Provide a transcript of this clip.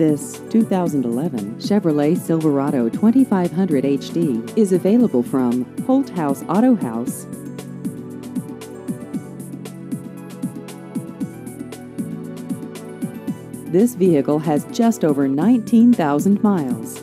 This 2011 Chevrolet Silverado 2500 HD is available from Holt House Auto House. This vehicle has just over 19,000 miles.